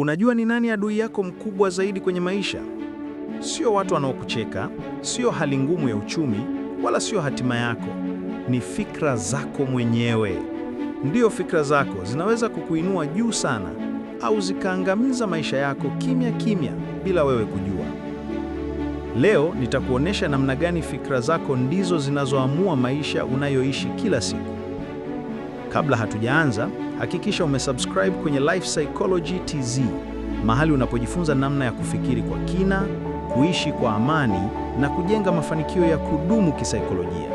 Unajua ni nani adui yako mkubwa zaidi kwenye maisha? Sio watu wanaokucheka, sio hali ngumu ya uchumi, wala sio hatima yako. Ni fikra zako mwenyewe. Ndiyo, fikra zako zinaweza kukuinua juu sana au zikaangamiza maisha yako kimya kimya bila wewe kujua. Leo nitakuonesha namna gani fikra zako ndizo zinazoamua maisha unayoishi kila siku. Kabla hatujaanza, hakikisha umesubscribe kwenye Life Psychology TZ, mahali unapojifunza namna ya kufikiri kwa kina, kuishi kwa amani na kujenga mafanikio ya kudumu kisaikolojia.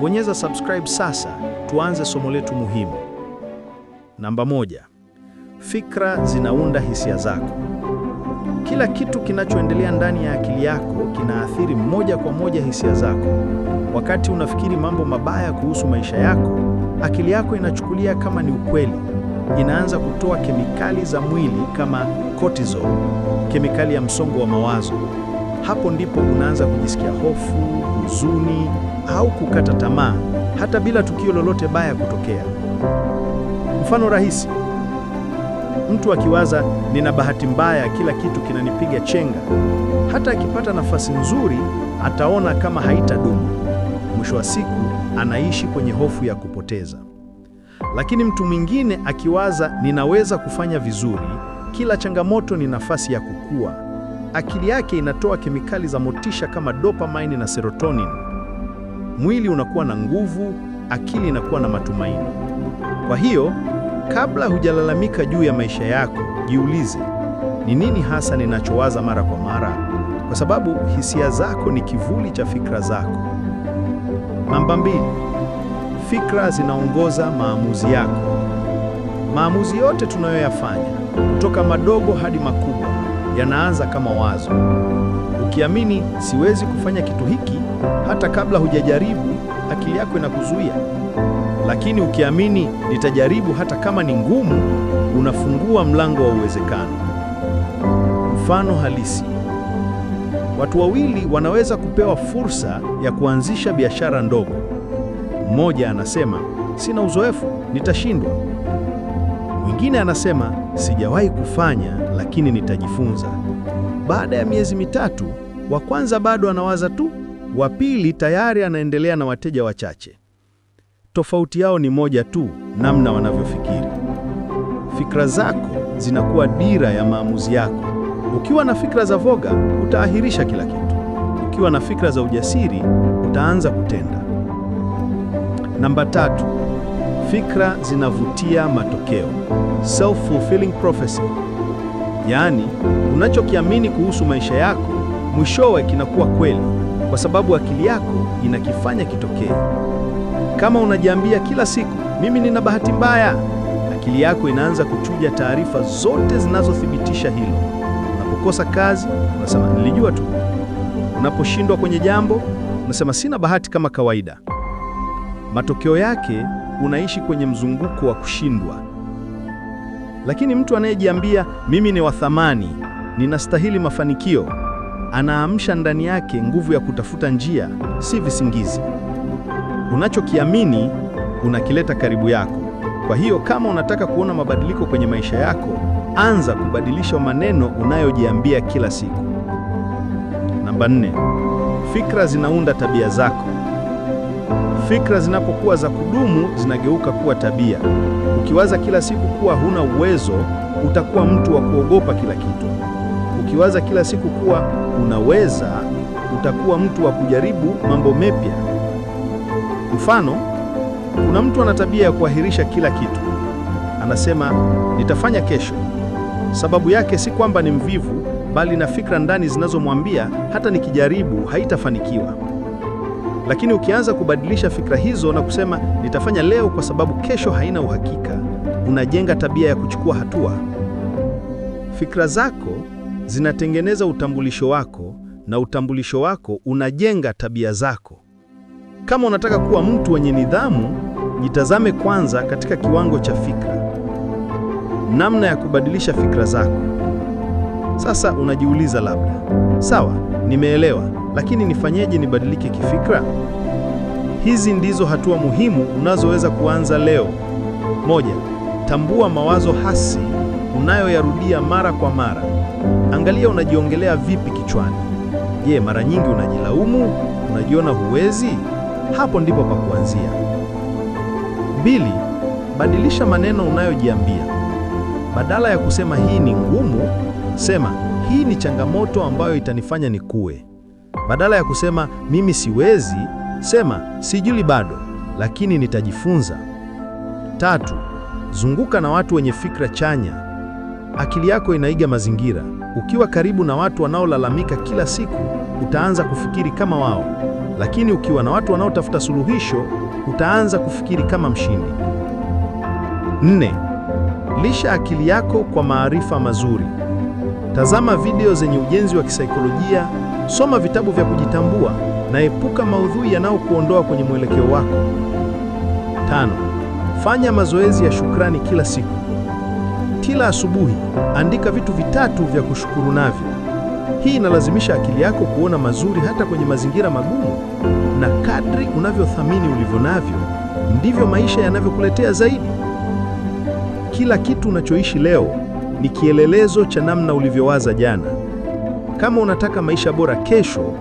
Bonyeza subscribe sasa, tuanze somo letu muhimu. Namba moja: fikra zinaunda hisia zako. Kila kitu kinachoendelea ndani ya akili yako kinaathiri moja kwa moja hisia zako. Wakati unafikiri mambo mabaya kuhusu maisha yako, akili yako inachukulia kama ni ukweli. Inaanza kutoa kemikali za mwili kama cortisol, kemikali ya msongo wa mawazo. Hapo ndipo unaanza kujisikia hofu, huzuni au kukata tamaa, hata bila tukio lolote baya kutokea. Mfano rahisi Mtu akiwaza nina bahati mbaya, kila kitu kinanipiga chenga, hata akipata nafasi nzuri ataona kama haitadumu. Mwisho wa siku anaishi kwenye hofu ya kupoteza. Lakini mtu mwingine akiwaza ninaweza kufanya vizuri, kila changamoto ni nafasi ya kukua, akili yake inatoa kemikali za motisha kama dopamine na serotonin. Mwili unakuwa na nguvu, akili inakuwa na matumaini. Kwa hiyo Kabla hujalalamika juu ya maisha yako, jiulize ni nini hasa ninachowaza mara kwa mara, kwa sababu hisia zako ni kivuli cha fikra zako. Namba mbili, fikra zinaongoza maamuzi yako. Maamuzi yote tunayoyafanya kutoka madogo hadi makubwa yanaanza kama wazo. Ukiamini siwezi kufanya kitu hiki, hata kabla hujajaribu, akili yako inakuzuia lakini ukiamini nitajaribu hata kama ni ngumu, unafungua mlango wa uwezekano. Mfano halisi: watu wawili wanaweza kupewa fursa ya kuanzisha biashara ndogo. Mmoja anasema sina uzoefu, nitashindwa. Mwingine anasema sijawahi kufanya, lakini nitajifunza. Baada ya miezi mitatu, wa kwanza bado anawaza tu, wa pili tayari anaendelea na wateja wachache. Tofauti yao ni moja tu, namna wanavyofikiri. Fikra zako zinakuwa dira ya maamuzi yako. Ukiwa na fikra za voga, utaahirisha kila kitu. Ukiwa na fikra za ujasiri, utaanza kutenda. Namba tatu, fikra zinavutia matokeo, self-fulfilling prophecy. Yaani, unachokiamini kuhusu maisha yako mwishowe kinakuwa kweli, kwa sababu akili yako inakifanya kitokee. Kama unajiambia kila siku, mimi nina bahati mbaya, akili yako inaanza kuchuja taarifa zote zinazothibitisha hilo. Unapokosa kazi, unasema nilijua tu. Unaposhindwa kwenye jambo, unasema sina bahati kama kawaida. Matokeo yake unaishi kwenye mzunguko wa kushindwa. Lakini mtu anayejiambia mimi ni wa thamani, ninastahili mafanikio, anaamsha ndani yake nguvu ya kutafuta njia, si visingizi. Unachokiamini unakileta karibu yako. Kwa hiyo kama unataka kuona mabadiliko kwenye maisha yako, anza kubadilisha maneno unayojiambia kila siku. Namba nne, fikra zinaunda tabia zako. Fikra zinapokuwa za kudumu zinageuka kuwa tabia. Ukiwaza kila siku kuwa huna uwezo, utakuwa mtu wa kuogopa kila kitu. Ukiwaza kila siku kuwa unaweza, utakuwa mtu wa kujaribu mambo mepya. Mfano, kuna mtu ana tabia ya kuahirisha kila kitu. Anasema nitafanya kesho. Sababu yake si kwamba ni mvivu, bali na fikra ndani zinazomwambia hata nikijaribu haitafanikiwa. Lakini ukianza kubadilisha fikra hizo na kusema nitafanya leo kwa sababu kesho haina uhakika, unajenga tabia ya kuchukua hatua. Fikra zako zinatengeneza utambulisho wako na utambulisho wako unajenga tabia zako. Kama unataka kuwa mtu wenye nidhamu, jitazame kwanza katika kiwango cha fikra, namna ya kubadilisha fikra zako. Sasa unajiuliza labda, sawa, nimeelewa, lakini nifanyeje nibadilike kifikra? Hizi ndizo hatua muhimu unazoweza kuanza leo. Moja, tambua mawazo hasi unayoyarudia mara kwa mara. Angalia unajiongelea vipi kichwani. Je, mara nyingi unajilaumu? Unajiona huwezi? Hapo ndipo pa kuanzia. Mbili, badilisha maneno unayojiambia. Badala ya kusema hii ni ngumu, sema hii ni changamoto ambayo itanifanya nikue. Badala ya kusema mimi siwezi, sema sijui bado, lakini nitajifunza. Tatu, zunguka na watu wenye fikra chanya. Akili yako inaiga mazingira. Ukiwa karibu na watu wanaolalamika kila siku, utaanza kufikiri kama wao lakini ukiwa na watu wanaotafuta suluhisho, utaanza kufikiri kama mshindi. Nne, lisha akili yako kwa maarifa mazuri. Tazama video zenye ujenzi wa kisaikolojia, soma vitabu vya kujitambua na epuka maudhui yanayokuondoa kwenye mwelekeo wako. Tano, fanya mazoezi ya shukrani kila siku. Kila asubuhi andika vitu vitatu vya kushukuru navyo. Hii inalazimisha akili yako kuona mazuri hata kwenye mazingira magumu, na kadri unavyothamini ulivyo navyo, ndivyo maisha yanavyokuletea zaidi. Kila kitu unachoishi leo ni kielelezo cha namna ulivyowaza jana. Kama unataka maisha bora kesho,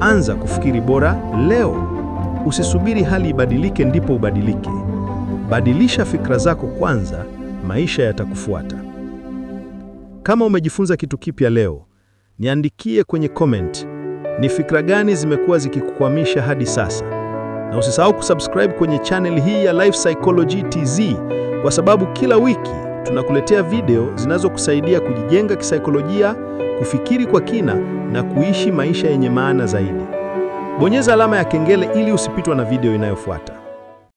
anza kufikiri bora leo. Usisubiri hali ibadilike ndipo ubadilike. Badilisha fikra zako kwanza, maisha yatakufuata. Kama umejifunza kitu kipya leo niandikie kwenye comment ni fikra gani zimekuwa zikikukwamisha hadi sasa, na usisahau kusubscribe kwenye channel hii ya Life Psychology TZ, kwa sababu kila wiki tunakuletea video zinazokusaidia kujijenga kisaikolojia, kufikiri kwa kina na kuishi maisha yenye maana zaidi. Bonyeza alama ya kengele ili usipitwa na video inayofuata.